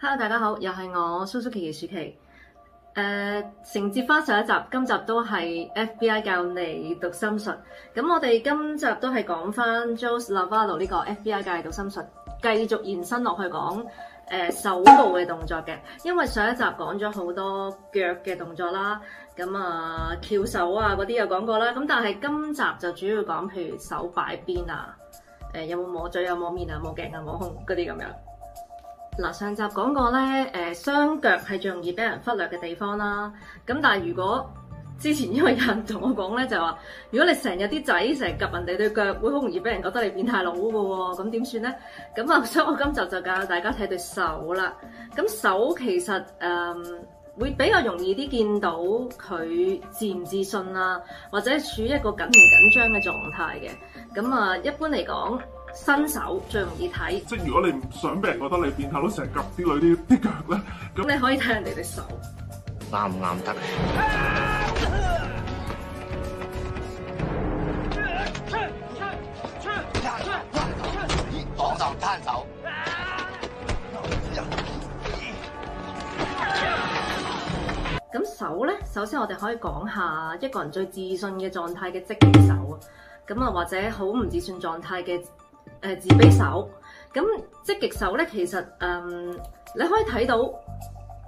Hello，大家好，又係我蘇蘇琪琪薯琪。誒、e，承、uh，接翻上，上一集，今集都係 FBI 教你讀心術。咁我哋今集都係講翻 Jose Lavalo 呢個 FBI 教嘅讀心術，繼續延伸落去講。誒、呃，手部嘅動作嘅，因為上一集講咗好多腳嘅動作啦，咁啊翹手啊嗰啲又講過啦，咁但係今集就主要講譬如手擺邊啊，誒、呃、有冇摸嘴，有冇摸面啊，摸頸啊摸胸嗰啲咁樣。嗱、呃，上集講過咧，誒，雙腳係最容易俾人忽略嘅地方啦，咁但係如果之前因為有人同我講咧，就話如果你成日啲仔成日夾人哋對腳，會好容易俾人覺得你變態佬噶喎，咁點算咧？咁啊，所以我今集就教大家睇對手啦。咁手其實嗯，會比較容易啲見到佢自唔自信啦，或者處於一個緊唔緊張嘅狀態嘅。咁啊，一般嚟講，新手最容易睇。即係如果你唔想俾人覺得你變態佬成日夾啲女啲啲腳咧，咁你可以睇人哋對手啱唔啱得？嗯嗯嗯。咁手咧，首先我哋可以講下一個人最自信嘅狀態嘅積極手啊，咁啊，或者好唔自信狀態嘅誒自卑手。咁積極手咧，其實誒、嗯、你可以睇到。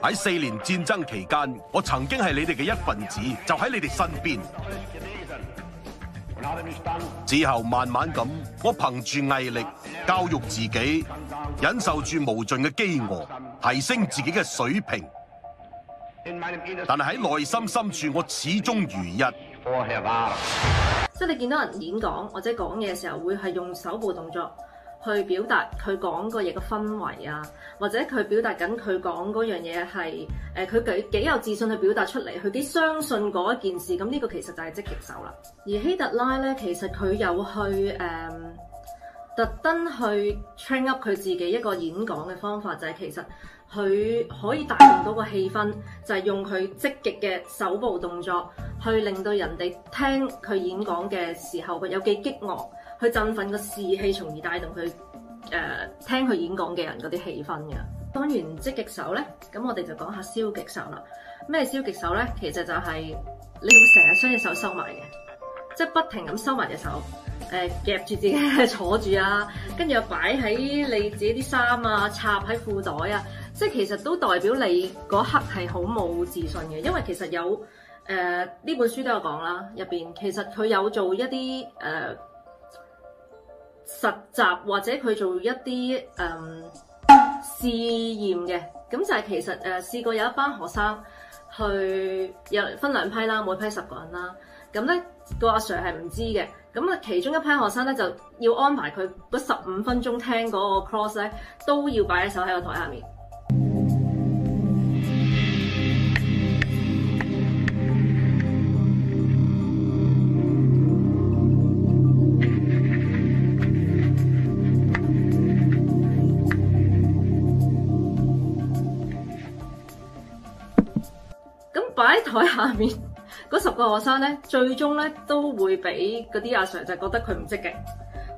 喺四年戰爭期間，我曾經係你哋嘅一份子，就喺你哋身邊。之後慢慢咁，我憑住毅力教育自己，忍受住無盡嘅飢餓，提升自己嘅水平。但係喺內心深處，我始終如一。即係你見到人演講或者講嘢嘅時候，會係用手部動作。去表達佢講個嘢嘅氛圍啊，或者佢表達緊佢講嗰樣嘢係誒，佢幾幾有自信去表達出嚟，佢幾相信嗰一件事，咁呢個其實就係積極手啦。而希特拉呢，其實佢有去誒、嗯、特登去 train up 佢自己一個演講嘅方法，就係、是、其實佢可以帶動到個氣氛，就係、是、用佢積極嘅手部動作去令到人哋聽佢演講嘅時候，佢有幾激昂。去振奮個士氣，從而帶動佢誒、呃、聽佢演講嘅人嗰啲氣氛嘅。當然積極手咧，咁我哋就講下消極手啦。咩消極手咧？其實就係、是、你會成日雙隻手收埋嘅，即係不停咁收埋隻手，誒夾住自己坐住啊，跟住又擺喺你自己啲衫啊，插喺褲袋啊，即係其實都代表你嗰刻係好冇自信嘅，因為其實有誒呢、呃、本書都有講啦，入邊其實佢有做一啲誒。呃實習或者佢做一啲誒試驗嘅，咁、嗯、就係其實試、呃、過有一班學生去有分兩批啦，每批十個人啦，咁咧、個阿 Sir 係唔知嘅，咁啊其中一批學生咧就要安排佢嗰十五分鐘聽嗰個 cross 咧都要擺喺手喺個台下面。台下面嗰十個學生咧，最終咧都會俾嗰啲阿 sir 就覺得佢唔積極，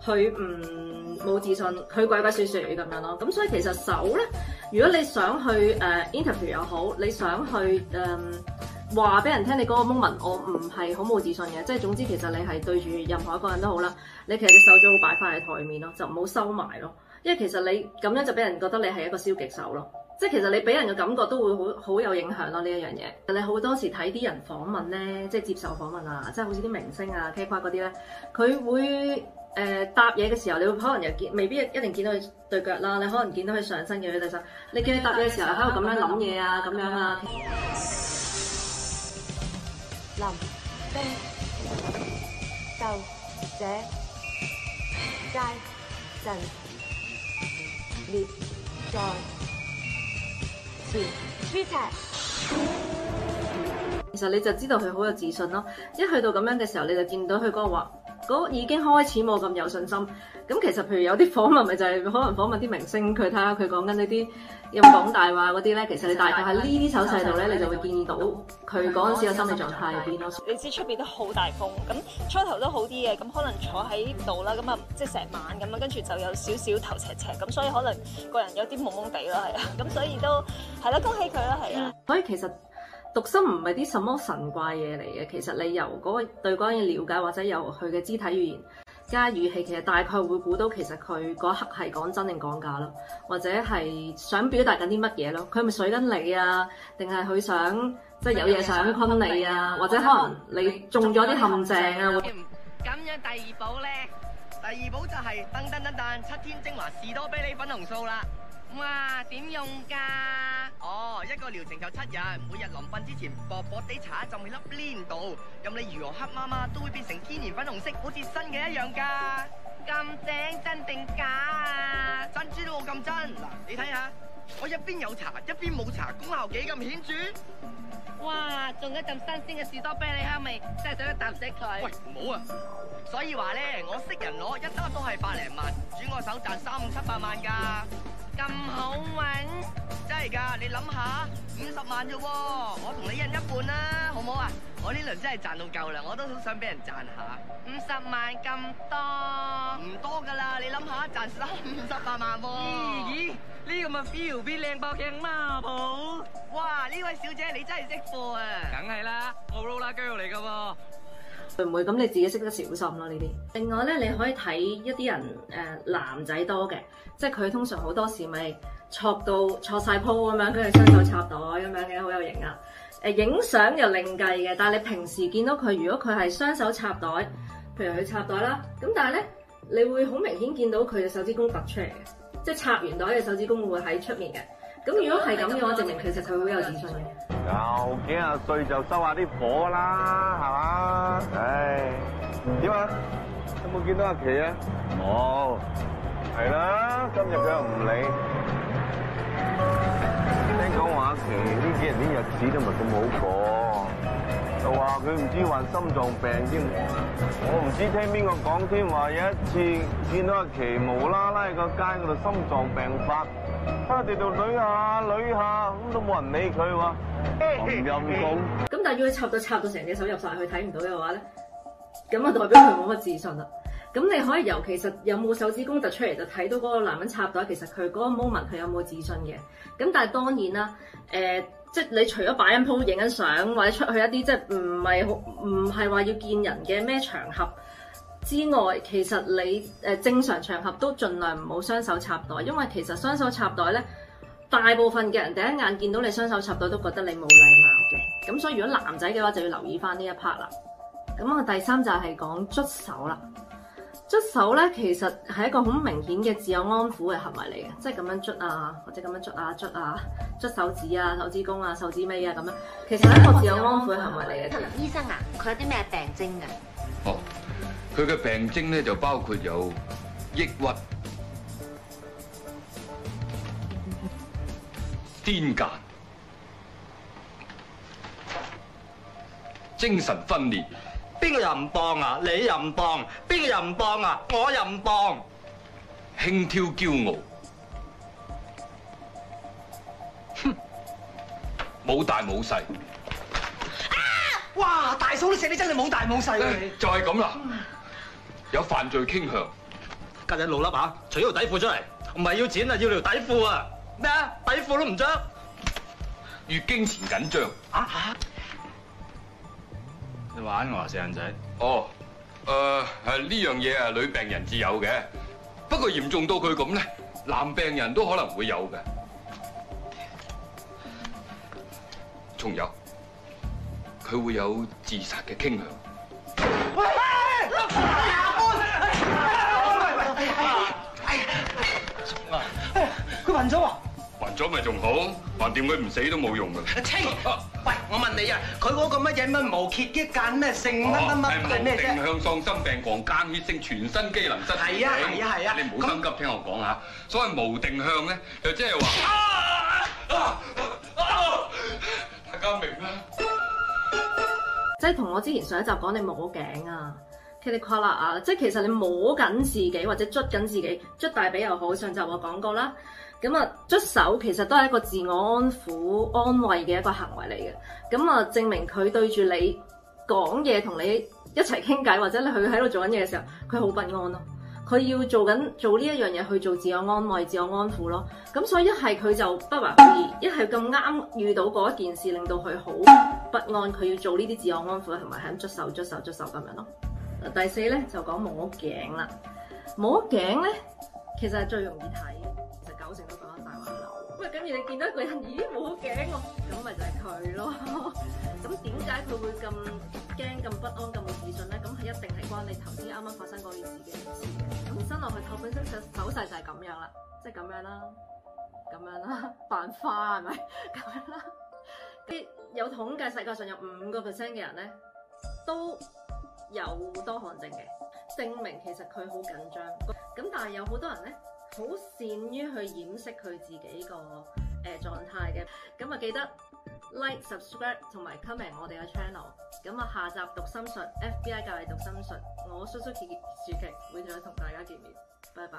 佢唔冇自信，佢鬼鬼祟祟咁樣咯。咁所以其實手咧，如果你想去誒、呃、interview 又好，你想去誒話俾人聽你嗰個 moment，我唔係好冇自信嘅。即係總之，其實你係對住任何一個人都好啦。你其實隻手最好擺翻喺台面咯，就唔好收埋咯。因為其實你咁樣就俾人覺得你係一個消極手咯。即係其實你俾人嘅感覺都會好好有影響咯、啊，呢一樣嘢。你好多時睇啲人訪問咧、嗯，即係接受訪問啊，即係好似啲明星啊、Kpop 嗰啲咧，佢會誒答嘢嘅時候，你會可能又見未必一定見到佢對腳啦，你可能見到佢上身嘅對手。你見佢搭嘢嘅時候喺度咁樣諗嘢啊，咁樣啊。林冰秀姐嘉善列莊。 其實你就知道佢好有自信咯，一去到咁樣嘅時候，你就見到佢嗰個嗰已經開始冇咁有信心，咁其實譬如有啲訪問咪就係可能訪問啲明星，佢睇下佢講緊呢啲咁講大話嗰啲咧，其實你大概喺呢啲手勢度咧，你就會見到佢嗰陣時嘅心理狀態係邊咯。你知出面都好大風，咁初頭都好啲嘅，咁可能坐喺度啦，咁啊即係成晚咁樣，跟住就有少少頭赤赤咁，所以可能個人有啲懵懵地囉，係啊，咁所以都係啦，恭喜佢啦，係啊。所以其實。讀心唔係啲什麼神怪嘢嚟嘅，其實你由嗰個對嗰樣嘢了解，或者由佢嘅肢體語言加語氣，其實大概會估到其實佢嗰刻係講真定講假咯，或者係想表達緊啲乜嘢咯，佢係咪水緊你啊，定係佢想即係、就是、有嘢想昆你啊，或者可能你中咗啲陷阱啊？咁樣第二寶咧，第二寶就係噔噔噔噔七天精華士多啤梨粉紅素啦，哇，點用噶？療程就七日，每日臨瞓之前薄薄地搽一浸喺粒面度，任你如何黑麻麻，都會變成天然粉紅色，好似新嘅一樣噶。咁正真定假啊？珍珠都冇咁真。嗱，你睇下，我一邊有搽一邊冇搽，功效幾咁顯著。哇，仲一陣新鮮嘅士多啤梨香味，真係想一啖食佢。喂，唔好啊！所以話咧，我識人攞一單都係百零萬，轉我手賺三五七百萬噶。咁好運，真係噶！你諗下，五十萬啫，我同你一人一半啦，啊，好唔好啊？我呢輪真係賺到夠啦，我都好想俾人賺下。五十萬咁多，唔多噶啦！你諗下，賺三五十八萬喎，啊。咦咦、嗯，呢個咪 feel 比靚爆鏡嘛，好，這個？哇！呢位小姐你真係識貨啊！梗係啦，我勞拉 girl 嚟噶喎。會唔會咁？你自己識得小心咯呢啲。另外咧，你可以睇一啲人誒、呃、男仔多嘅，即係佢通常好多時咪坐到坐晒鋪咁樣，跟住雙手插袋咁樣嘅，好有型啊！誒、呃，影相又另計嘅。但係你平時見到佢，如果佢係雙手插袋，譬如佢插袋啦，咁但係咧，你會好明顯見到佢嘅手指公突出嚟嘅，即係插完袋嘅手指公會喺出面嘅。咁如果係咁嘅話，證明其實佢好有自信嘅。有幾啊歲就收下啲火啦，係嘛？唉，點啊？有冇見到阿琪啊？冇、哦，係啦，今日佢又唔理。聽講話阿琪呢幾日啲日子都唔係咁好過就，又話佢唔知患心臟病添。我唔知聽邊個講添，話有一次見到阿琪無啦啦喺個街嗰度心臟病發。我哋度女下女下，咁都冇人理佢喎。咁陰功。咁但係要佢插到插到成隻手入晒去睇唔到嘅話咧，咁啊，代表佢冇乜自信啦。咁你可以由其實有冇手指公突出嚟，就睇到嗰個男人插袋，其實佢嗰個 moment 佢有冇自信嘅。咁但係當然啦，誒、呃，即係你除咗擺緊鋪影緊相或者出去一啲即係唔係好唔係話要見人嘅咩場合。之外，其實你誒、呃、正常場合都盡量唔好雙手插袋，因為其實雙手插袋咧，大部分嘅人第一眼見到你雙手插袋都覺得你冇禮貌嘅。咁所以如果男仔嘅話，就要留意翻呢一 part 啦。咁啊，第三就係講捽手啦。捽手咧，其實係一個好明顯嘅自我安撫嘅行為嚟嘅，即係咁樣捽啊，或者咁樣捽啊、捽啊、捽手指啊、手指公啊、手指尾啊咁樣。其實係一個自我安撫嘅行為嚟嘅。醫生啊，佢有啲咩病徵㗎？佢嘅病徵咧就包括有抑鬱、癲癇、精神分裂。邊個又唔當啊？你又唔當？邊個又唔當啊？我又唔當。輕佻驕傲，哼，冇大冇細。啊！哇！大嫂都寫得，真係冇大冇細。就係咁啦。有犯罪傾向，家陣老笠嚇，除條底褲出嚟，唔係要錢啊，要條底褲啊！咩啊？底褲都唔着？月經前緊張啊，你玩我啊，細人仔。哦，誒、呃、誒，呢樣嘢啊，女病人至有嘅，不過嚴重到佢咁咧，男病人都可能會有嘅。仲有，佢會有自殺嘅傾向喂。哎咁咪仲好？橫掂佢唔死都冇用㗎。黐、 啊，喂！我問你啊，佢嗰個乜嘢乜無竭肌間咩性乜乜乜係咩定向麼喪心病狂間歇性全身機能失調。係啊係啊係啊！啊啊啊你唔好心急那，聽我講啊！所謂無定向咧，就即係話，大家明咩？即係同我之前上一集講你摸頸啊，噼里啪啦啊！即係其實你摸緊自己或者捽緊自己，捽大髀又好。上集我講過啦。咁啊，捽手其實都係一個自我安撫、安慰嘅一個行為嚟嘅。咁啊，證明佢對住你講嘢，同你一齊傾偈，或者你佢喺度做緊嘢嘅時候，佢好不安咯。佢要做緊做呢一樣嘢去做自我安慰、自我安撫咯。咁所以一係佢就不懷好意，一係咁啱遇到嗰一件事，令到佢好不安，佢要做呢啲自我安撫，同埋係咁捽手、捽手、捽手咁樣咯。第四咧就講摸頸啦，摸頸咧其實係最容易睇。成日講大話鬧，喂！咁而你見到一個人，咦？冇頸喎，咁咪就係佢咯。咁點解佢會咁驚、咁不安、咁冇自信咧？咁係一定係關你頭先啱啱發生嗰件事嘅事嘅。咁身落去頭，本身手勢就係咁樣啦，即係咁樣啦，咁樣啦，扮花係咪咁樣啦？啲有統計，世界上有五個 percent 嘅人咧都有多汗症嘅，證明其實佢好緊張。咁但係有好多人咧。好善於去掩飾佢自己、這個誒、呃、狀態嘅，咁啊記得 like、 subscribe 同埋 comment 我哋嘅 channel。咁啊下集讀心術，FBI 教你讀心術，我 susukiki 薯琪會再同大家見面，拜拜。